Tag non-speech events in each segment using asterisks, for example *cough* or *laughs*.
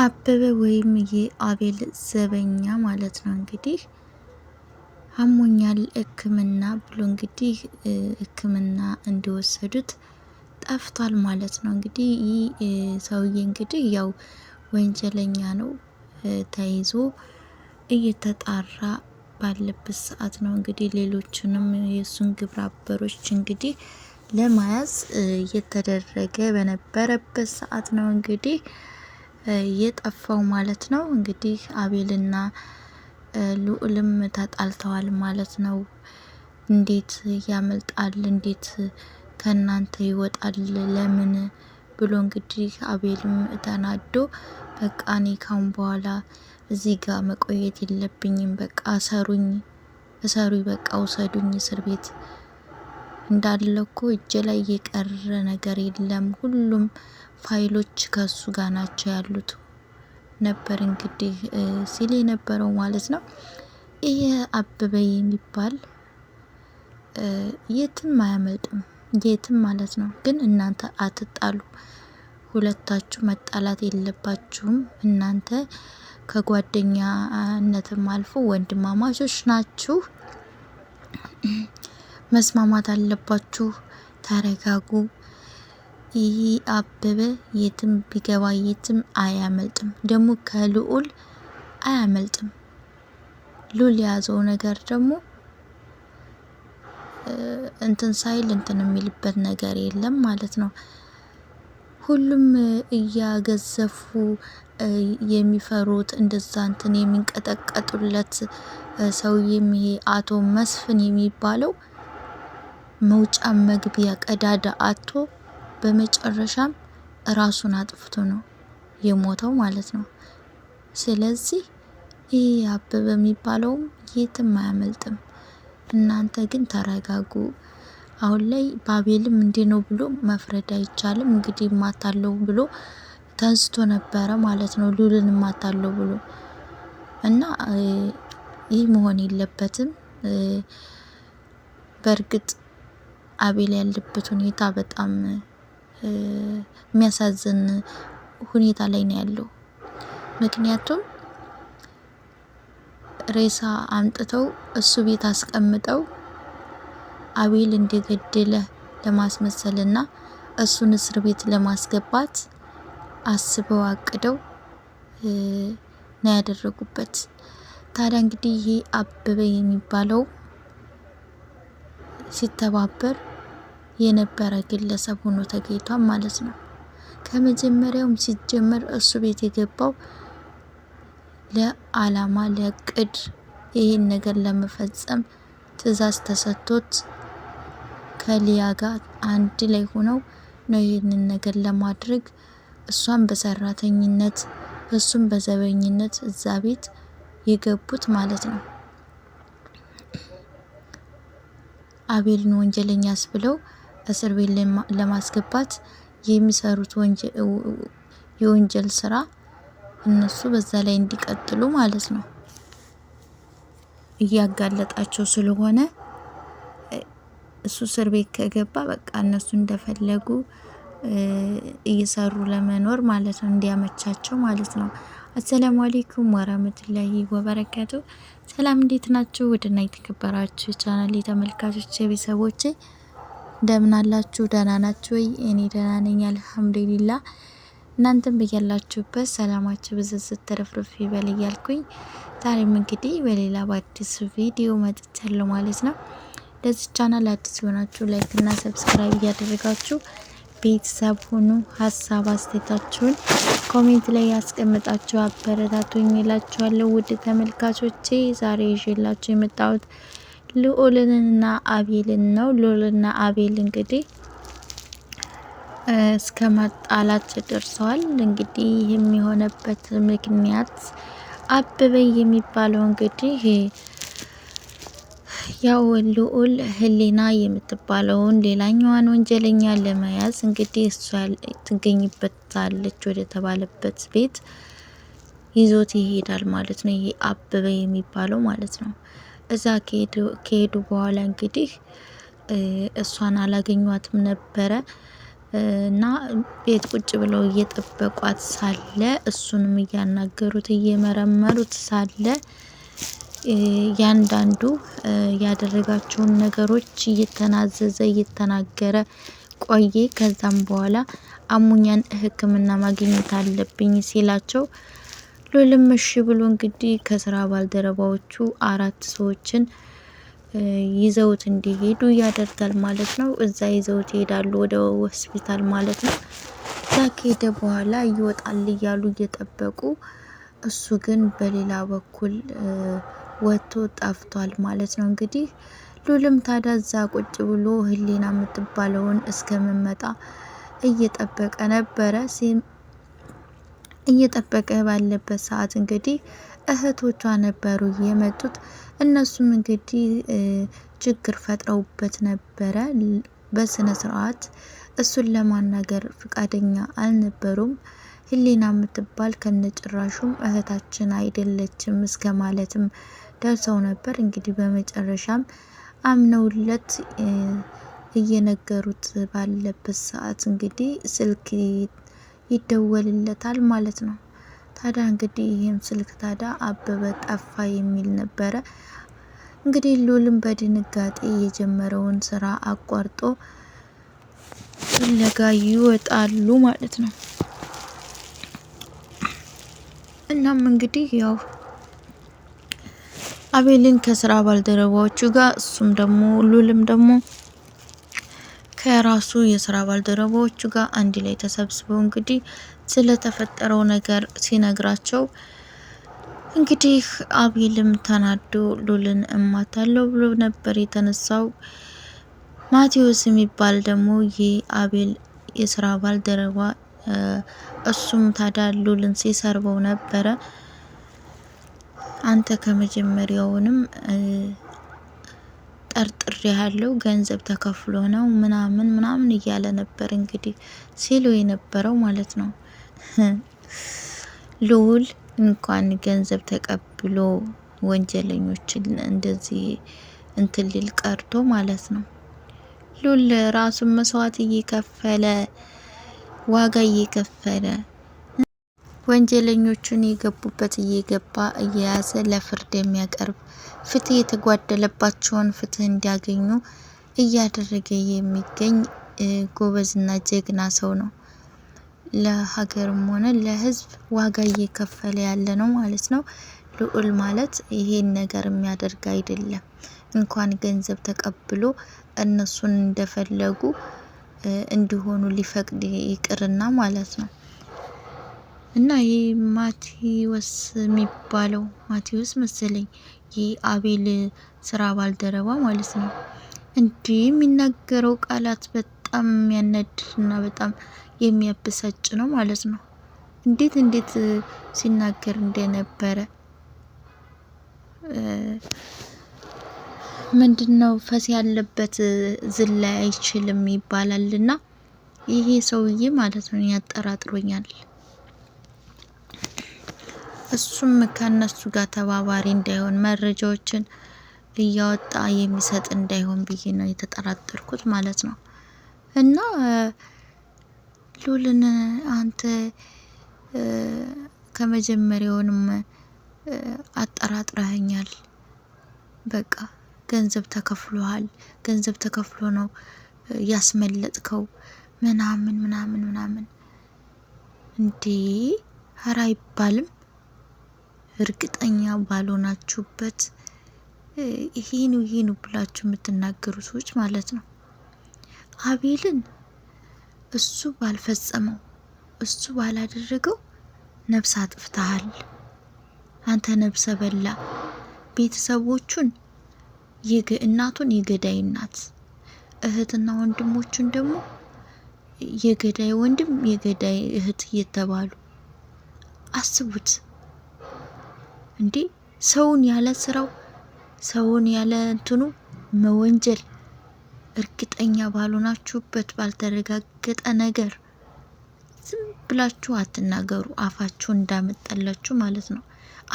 አበበ ወይም የአቤል ዘበኛ ማለት ነው እንግዲህ አሞኛል ሕክምና ብሎ እንግዲህ ሕክምና እንደወሰዱት ጠፍቷል ማለት ነው። እንግዲህ ይህ ሰውዬ እንግዲህ ያው ወንጀለኛ ነው ተይዞ እየተጣራ ባለበት ሰዓት ነው እንግዲህ ሌሎችንም የእሱን ግብረ አበሮች እንግዲህ ለመያዝ እየተደረገ በነበረበት ሰዓት ነው እንግዲህ የጠፋው ማለት ነው። እንግዲህ አቤልና ልዑልም ተጣልተዋል ማለት ነው። እንዴት ያመልጣል? እንዴት ከእናንተ ይወጣል? ለምን ብሎ እንግዲህ አቤልም ተናዶ በቃ እኔ ካሁን በኋላ እዚህ ጋር መቆየት የለብኝም፣ በቃ እሰሩኝ፣ እሰሩኝ፣ በቃ ውሰዱኝ እስር ቤት እንዳለ እኮ እጄ ላይ የቀረ ነገር የለም። ሁሉም ፋይሎች ከሱ ጋር ናቸው ያሉት ነበር እንግዲህ ሲል የነበረው ማለት ነው። ይህ አበበ የሚባል የትም አያመልጥም፣ የትም ማለት ነው። ግን እናንተ አትጣሉ፣ ሁለታችሁ መጣላት የለባችሁም። እናንተ ከጓደኛነትም አልፎ ወንድማማቾች ናችሁ። መስማማት አለባችሁ። ተረጋጉ። ይህ አበበ የትም ቢገባ የትም አያመልጥም፣ ደግሞ ከልዑል አያመልጥም። ልዑል የያዘው ነገር ደግሞ እንትን ሳይል እንትን የሚልበት ነገር የለም ማለት ነው። ሁሉም እያገዘፉ የሚፈሩት እንደዛ እንትን የሚንቀጠቀጡለት ሰውዬ ይሄ አቶ መስፍን የሚባለው መውጫ መግቢያ ቀዳዳ አጥቶ በመጨረሻም ራሱን አጥፍቶ ነው የሞተው ማለት ነው። ስለዚህ ይህ አበበ የሚባለውም የትም አያመልጥም። እናንተ ግን ተረጋጉ። አሁን ላይ ባቤልም እንዲህ ነው ብሎ መፍረድ አይቻልም። እንግዲህ ማታለው ብሎ ተንስቶ ነበረ ማለት ነው። ሉልን ማታለው ብሎ እና ይህ መሆን የለበትም በእርግጥ አቤል ያለበት ሁኔታ በጣም የሚያሳዝን ሁኔታ ላይ ነው ያለው። ምክንያቱም ሬሳ አምጥተው እሱ ቤት አስቀምጠው አቤል እንደገደለ ለማስመሰልና እሱን እስር ቤት ለማስገባት አስበው አቅደው ነው ያደረጉበት። ታዲያ እንግዲህ ይሄ አበበ የሚባለው ሲተባበር የነበረ ግለሰብ ሆኖ ተገኝቷል ማለት ነው። ከመጀመሪያውም ሲጀመር እሱ ቤት የገባው ለዓላማ ለቅድ ይህን ነገር ለመፈጸም ትዕዛዝ ተሰጥቶት ከሊያ ጋር አንድ ላይ ሆነው ነው ይህንን ነገር ለማድረግ እሷን በሰራተኝነት እሱም በዘበኝነት እዛ ቤት የገቡት ማለት ነው። አቤልን ወንጀለኛስ ብለው እስር ቤት ለማስገባት የሚሰሩት የወንጀል ስራ እነሱ በዛ ላይ እንዲቀጥሉ ማለት ነው እያጋለጣቸው ስለሆነ እሱ እስር ቤት ከገባ በቃ እነሱ እንደፈለጉ እየሰሩ ለመኖር ማለት ነው እንዲያመቻቸው ማለት ነው። አሰላሙ አሌይኩም ወራህመቱላሂ ወበረካቱ። ሰላም እንዴት ናችሁ? ውድና የተከበራችሁ ቻናል የተመልካቾች የቤተሰቦቼ እንደምን አላችሁ? ደህና ናችሁ ወይ? እኔ ደህና ነኝ አልሐምዱሊላ። እናንተም በያላችሁበት ሰላማችሁ ብዝዝት ተረፍርፍ ይበል እያልኩኝ ዛሬም እንግዲህ በሌላ በአዲስ ቪዲዮ መጥቻለሁ ማለት ነው። ለዚህ ቻናል አዲስ የሆናችሁ ላይክ እና ሰብስክራይብ እያደረጋችሁ ቤተሰብ ሆኑ። ሀሳብ አስተያየታችሁን ኮሜንት ላይ ያስቀምጣችሁ አበረታቱኝ እላችኋለሁ። ውድ ተመልካቾቼ ዛሬ ይዤላችሁ የመጣሁት ልዑልንና አቤልን ነው። ልዑልና አቤል እንግዲህ እስከ መጣላት ደርሰዋል። እንግዲህ የሚሆነበት ምክንያት አበበ የሚባለው እንግዲህ ያው ልዑል ህሊና የምትባለውን ሌላኛዋን ወንጀለኛ ለመያዝ እንግዲህ እሷ ትገኝበታለች ወደ ተባለበት ቤት ይዞት ይሄዳል ማለት ነው። ይሄ አበበ የሚባለው ማለት ነው። እዛ ከሄዱ በኋላ እንግዲህ እሷን አላገኟትም ነበረ እና ቤት ቁጭ ብለው እየጠበቋት ሳለ እሱንም እያናገሩት እየመረመሩት ሳለ ያንዳንዱ ያደረጋቸውን ነገሮች እየተናዘዘ እየተናገረ ቆየ። ከዛም በኋላ አሙኛን ሕክምና ማግኘት አለብኝ ሲላቸው ሉልም እሺ ብሎ እንግዲህ ከስራ ባልደረባዎቹ አራት ሰዎችን ይዘውት እንዲሄዱ ያደርጋል ማለት ነው። እዛ ይዘውት ይሄዳሉ ወደ ሆስፒታል ማለት ነው። እዛ ከሄደ በኋላ ይወጣል እያሉ እየጠበቁ እሱ ግን በሌላ በኩል ወጥቶ ጠፍቷል ማለት ነው። እንግዲህ ሉልም ታዲያ እዛ ቁጭ ብሎ ህሊና የምትባለውን እስከምመጣ እየጠበቀ ነበረ። እየጠበቀ ባለበት ሰዓት እንግዲህ እህቶቿ ነበሩ የመጡት። እነሱም እንግዲህ ችግር ፈጥረውበት ነበረ። በስነ ስርዓት እሱን ለማናገር ፍቃደኛ አልነበሩም። ህሊና የምትባል ከነጭራሹም እህታችን አይደለችም እስከ ማለትም ደርሰው ነበር። እንግዲህ በመጨረሻም አምነውለት እየነገሩት ባለበት ሰዓት እንግዲህ ስልክ ይደወልለታል ማለት ነው። ታዲያ እንግዲህ ይህም ስልክ ታዲያ አበበ ጠፋ የሚል ነበረ። እንግዲህ ሉልም በድንጋጤ የጀመረውን ስራ አቋርጦ ፍለጋ ይወጣሉ ማለት ነው። እናም እንግዲህ ያው አቤልን ከስራ ባልደረባዎቹ ጋር እሱም ደግሞ ሉልም ደግሞ ከራሱ የስራ ባልደረቦቹ ጋር አንድ ላይ ተሰብስበው እንግዲህ ስለተፈጠረው ነገር ሲነግራቸው እንግዲህ አቤልም ተናዶ ሉልን እማታለው ብሎ ነበር የተነሳው። ማቴዎስ የሚባል ደግሞ ይህ የአቤል የስራ ባልደረባ እሱም ታዲያ ሉልን ሲሰርበው ነበረ። አንተ ከመጀመሪያውንም ጠርጥሬ ያለው ገንዘብ ተከፍሎ ነው ምናምን ምናምን እያለ ነበር እንግዲህ ሲሉ የነበረው ማለት ነው። *laughs* ልዑል እንኳን ገንዘብ ተቀብሎ ወንጀለኞችን እንደዚህ እንትን ሊል ቀርቶ ማለት ነው። ሉል ራሱን መስዋዕት እየከፈለ ዋጋ እየከፈለ ወንጀለኞቹን የገቡበት እየገባ እየያዘ ለፍርድ የሚያቀርብ ፍትህ የተጓደለባቸውን ፍትህ እንዲያገኙ እያደረገ የሚገኝ ጎበዝና ጀግና ሰው ነው። ለሀገርም ሆነ ለህዝብ ዋጋ እየከፈለ ያለ ነው ማለት ነው። ልዑል ማለት ይሄን ነገር የሚያደርግ አይደለም። እንኳን ገንዘብ ተቀብሎ እነሱን እንደፈለጉ እንዲሆኑ ሊፈቅድ ይቅርና ማለት ነው። እና ይህ ማቴዎስ የሚባለው ማቴዎስ መሰለኝ የአቤል ስራ ባልደረባ ማለት ነው። እንዲህ የሚናገረው ቃላት በጣም እና በጣም የሚያበሳጭ ነው ማለት ነው። እንዴት እንዴት ሲናገር እንደነበረ ምንድን ነው ፈስ ያለበት ዝላይ አይችልም እና ይሄ ሰውዬ ማለት ነው ያጠራጥሮኛል። እሱም ከነሱ ጋር ተባባሪ እንዳይሆን መረጃዎችን እያወጣ የሚሰጥ እንዳይሆን ብዬ ነው የተጠራጠርኩት ማለት ነው። እና ሉልን አንተ ከመጀመሪያውንም አጠራጥረኸኛል። በቃ ገንዘብ ተከፍሎሃል፣ ገንዘብ ተከፍሎ ነው ያስመለጥከው ምናምን ምናምን ምናምን እንዴ ኧረ አይባልም። እርግጠኛ ባልሆናችሁበት ይሄ ነው ይሄ ነው ብላችሁ የምትናገሩ ሰዎች ማለት ነው። አቤልን እሱ ባልፈጸመው እሱ ባላደረገው ነፍስ አጥፍተሃል፣ አንተ ነፍሰ በላ ቤተሰቦቹን እናቱን የገዳይ እናት እህትና ወንድሞቹን ደግሞ የገዳይ ወንድም የገዳይ እህት እየተባሉ አስቡት። እንዴ ሰውን ያለ ስራው ሰውን ያለ እንትኑ መወንጀል እርግጠኛ ባልሆናችሁበት ባልተረጋገጠ ነገር ዝም ብላችሁ አትናገሩ። አፋችሁ እንዳመጣላችሁ ማለት ነው።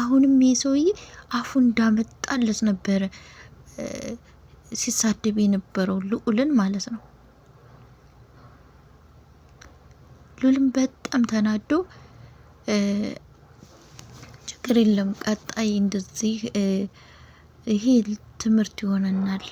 አሁንም ይህ ሰውዬ አፉ እንዳመጣለት ነበረ ሲሳደብ የነበረው ልዑልን ማለት ነው። ልዑልን በጣም ተናዶ ችግር የለም። ቀጣይ እንደዚህ ይሄ ትምህርት ይሆነናል።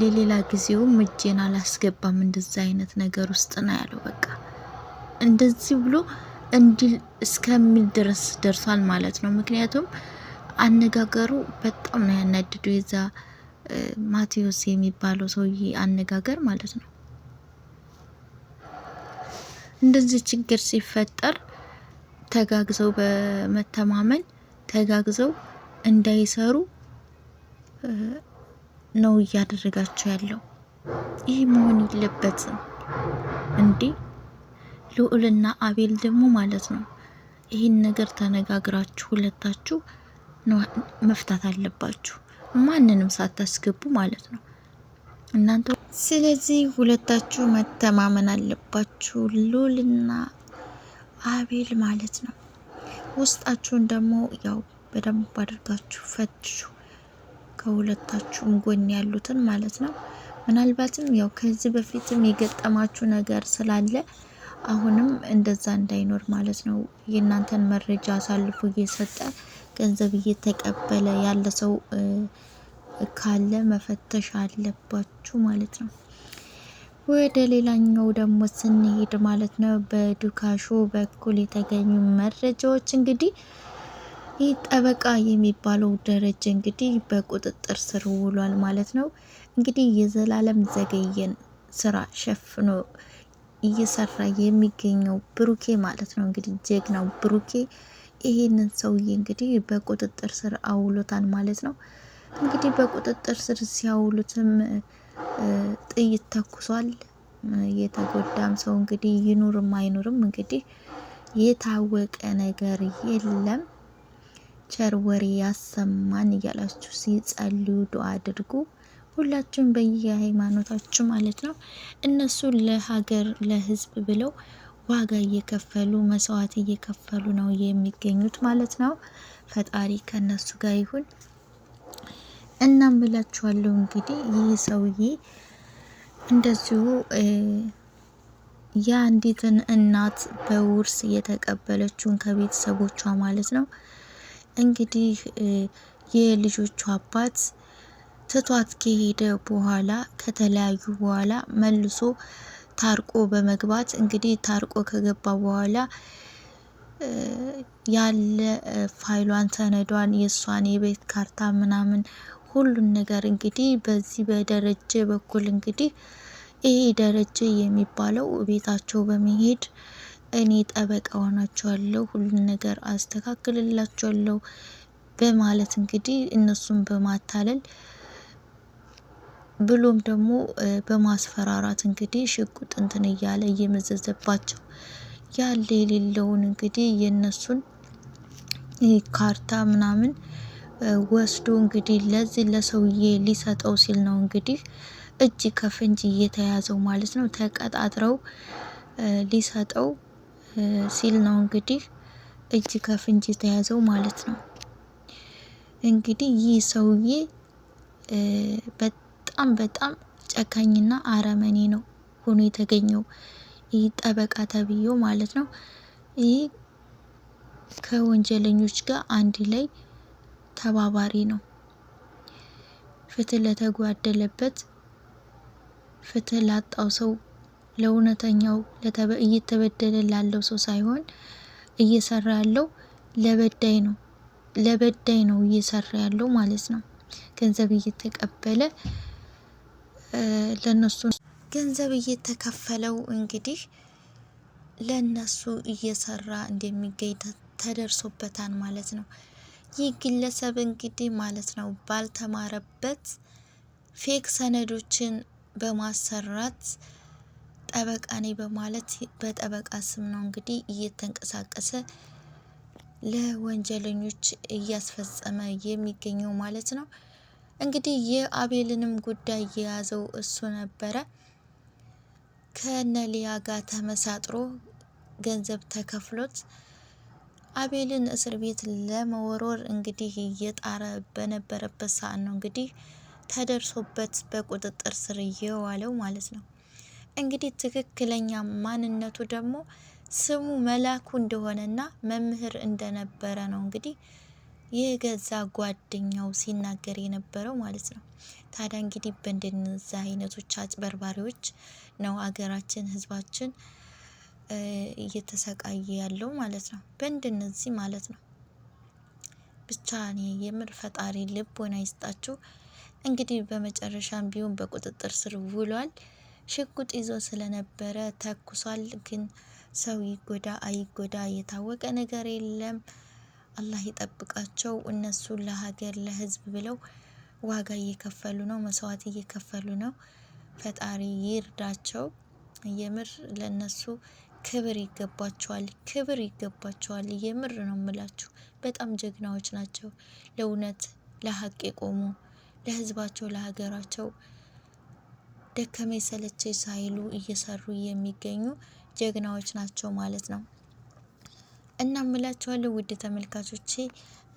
ለሌላ ጊዜውም እጄን አላስገባም እንደዚ አይነት ነገር ውስጥ ነው ያለው። በቃ እንደዚህ ብሎ እንዲል እስከሚል ድረስ ደርሷል ማለት ነው። ምክንያቱም አነጋገሩ በጣም ነው ያናድዱ የዛ ማቴዎስ የሚባለው ሰውዬ አነጋገር ማለት ነው። እንደዚህ ችግር ሲፈጠር ተጋግዘው በመተማመን ተጋግዘው እንዳይሰሩ ነው እያደረጋቸው ያለው። ይህ መሆን የለበትም እንዴ! ልዑልና አቤል ደግሞ ማለት ነው ይህን ነገር ተነጋግራችሁ ሁለታችሁ መፍታት አለባችሁ፣ ማንንም ሳታስገቡ ማለት ነው። እናንተ ስለዚህ ሁለታችሁ መተማመን አለባችሁ፣ ሉልና አቤል ማለት ነው። ውስጣችሁን ደግሞ ያው በደንብ አድርጋችሁ ፈትሹ፣ ከሁለታችሁም ጎን ያሉትን ማለት ነው። ምናልባትም ያው ከዚህ በፊትም የገጠማችሁ ነገር ስላለ አሁንም እንደዛ እንዳይኖር ማለት ነው። የእናንተን መረጃ አሳልፎ እየሰጠ ገንዘብ እየተቀበለ ያለ ሰው ካለ መፈተሽ አለባችሁ ማለት ነው። ወደ ሌላኛው ደግሞ ስንሄድ ማለት ነው በዱካሾ በኩል የተገኙ መረጃዎች እንግዲህ ይህ ጠበቃ የሚባለው ደረጀ እንግዲህ በቁጥጥር ስር ውሏል ማለት ነው። እንግዲህ የዘላለም ዘገየን ስራ ሸፍኖ እየሰራ የሚገኘው ብሩኬ ማለት ነው። እንግዲህ ጀግናው ብሩኬ ይህንን ሰውዬ እንግዲህ በቁጥጥር ስር አውሎታል ማለት ነው። እንግዲህ በቁጥጥር ስር ሲያውሉትም ጥይት ተኩሷል። የተጎዳም ሰው እንግዲህ ይኑርም አይኑርም እንግዲህ የታወቀ ነገር የለም። ቸር ወሬ ያሰማን እያላችሁ ሲጸልዩ ዱአ አድርጉ። ሁላችሁም በየሃይማኖታችሁ ማለት ነው። እነሱ ለሀገር ለህዝብ ብለው ዋጋ እየከፈሉ መስዋዕት እየከፈሉ ነው የሚገኙት ማለት ነው። ፈጣሪ ከእነሱ ጋር ይሁን። እናም ብላችኋለሁ እንግዲህ ይህ ሰውዬ እንደዚሁ የአንዲትን እናት በውርስ የተቀበለችውን ከቤተሰቦቿ ማለት ነው እንግዲህ የልጆቹ አባት ትቷት ከሄደ በኋላ ከተለያዩ በኋላ መልሶ ታርቆ በመግባት እንግዲህ ታርቆ ከገባ በኋላ ያለ ፋይሏን፣ ሰነዷን፣ የእሷን የቤት ካርታ ምናምን ሁሉን ነገር እንግዲህ በዚህ በደረጀ በኩል እንግዲህ ይሄ ደረጀ የሚባለው ቤታቸው በመሄድ እኔ ጠበቃ ሆናቸዋለሁ፣ ሁሉን ነገር አስተካክልላቸዋለሁ በማለት እንግዲህ እነሱን በማታለል ብሎም ደግሞ በማስፈራራት እንግዲህ ሽጉጥ እንትን እያለ እየመዘዘባቸው ያለ የሌለውን እንግዲህ የነሱን ካርታ ምናምን ወስዶ እንግዲህ ለዚህ ለሰውዬ ሊሰጠው ሲል ነው እንግዲህ እጅ ከፍንጅ እየተያዘው ማለት ነው። ተቀጣጥረው ሊሰጠው ሲል ነው እንግዲህ እጅ ከፍንጅ የተያዘው ማለት ነው። እንግዲህ ይህ ሰውዬ በጣም በጣም ጨካኝና አረመኔ ነው ሆኖ የተገኘው። ይህ ጠበቃ ተብዮ ማለት ነው። ይህ ከወንጀለኞች ጋር አንድ ላይ ተባባሪ ነው። ፍትህ ለተጓደለበት፣ ፍትህ ላጣው ሰው፣ ለእውነተኛው እየተበደለ ላለው ሰው ሳይሆን እየሰራ ያለው ለበዳይ ነው ለበዳይ ነው እየሰራ ያለው ማለት ነው። ገንዘብ እየተቀበለ ለነሱ ገንዘብ እየተከፈለው እንግዲህ ለእነሱ እየሰራ እንደሚገኝ ተደርሶበታል ማለት ነው። ይህ ግለሰብ እንግዲህ ማለት ነው ባልተማረበት ፌክ ሰነዶችን በማሰራት ጠበቃ ነኝ በማለት በጠበቃ ስም ነው እንግዲህ እየተንቀሳቀሰ ለወንጀለኞች እያስፈጸመ የሚገኘው ማለት ነው። እንግዲህ የአቤልንም ጉዳይ የያዘው እሱ ነበረ። ከነሊያ ጋር ተመሳጥሮ ገንዘብ ተከፍሎት አቤልን እስር ቤት ለመወርወር እንግዲህ እየጣረ በነበረበት ሰዓት ነው እንግዲህ ተደርሶበት በቁጥጥር ስር እየዋለው ማለት ነው። እንግዲህ ትክክለኛ ማንነቱ ደግሞ ስሙ መላኩ እንደሆነና መምህር እንደነበረ ነው እንግዲህ የገዛ ጓደኛው ሲናገር የነበረው ማለት ነው። ታዲያ እንግዲህ በእንደነዛ አይነቶች አጭበርባሪዎች ነው አገራችን ህዝባችን እየተሰቃየ ያለው ማለት ነው። በእንደነዚህ ማለት ነው። ብቻ እኔ የምር ፈጣሪ ልቦና ይስጣችሁ። እንግዲህ በመጨረሻም ቢሆን በቁጥጥር ስር ውሏል። ሽጉጥ ይዞ ስለነበረ ተኩሷል። ግን ሰው ይጎዳ አይጎዳ የታወቀ ነገር የለም። አላህ ይጠብቃቸው። እነሱ ለሀገር ለህዝብ ብለው ዋጋ እየከፈሉ ነው፣ መስዋዕት እየከፈሉ ነው። ፈጣሪ ይርዳቸው። የምር ለነሱ ክብር ይገባቸዋል፣ ክብር ይገባቸዋል። የምር ነው ምላችሁ በጣም ጀግናዎች ናቸው። ለእውነት ለሀቅ የቆሙ ለህዝባቸው ለሀገራቸው ደከመ የሰለቸ ሳይሉ እየሰሩ የሚገኙ ጀግናዎች ናቸው ማለት ነው። እና ምላችኋለሁ ውድ ተመልካቾቼ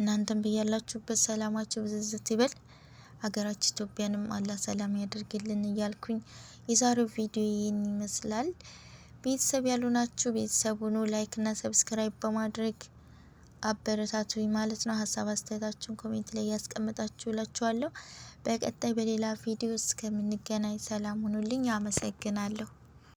እናንተም ብያላችሁበት ሰላማችሁ ብዝዝት ይበል። ሀገራችን ኢትዮጵያንም አላህ ሰላም ያደርግልን እያልኩኝ የዛሬው ቪዲዮ ይህን ይመስላል። ቤተሰብ ያሉ ናችሁ ቤተሰብ ሁኑ። ላይክና ሰብስክራይብ በማድረግ አበረታቱኝ ማለት ነው። ሀሳብ አስተያየታችሁን ኮሜንት ላይ ያስቀምጣችሁ ላችኋለሁ። በቀጣይ በሌላ ቪዲዮ እስከምንገናኝ ሰላም ሁኑልኝ። አመሰግናለሁ።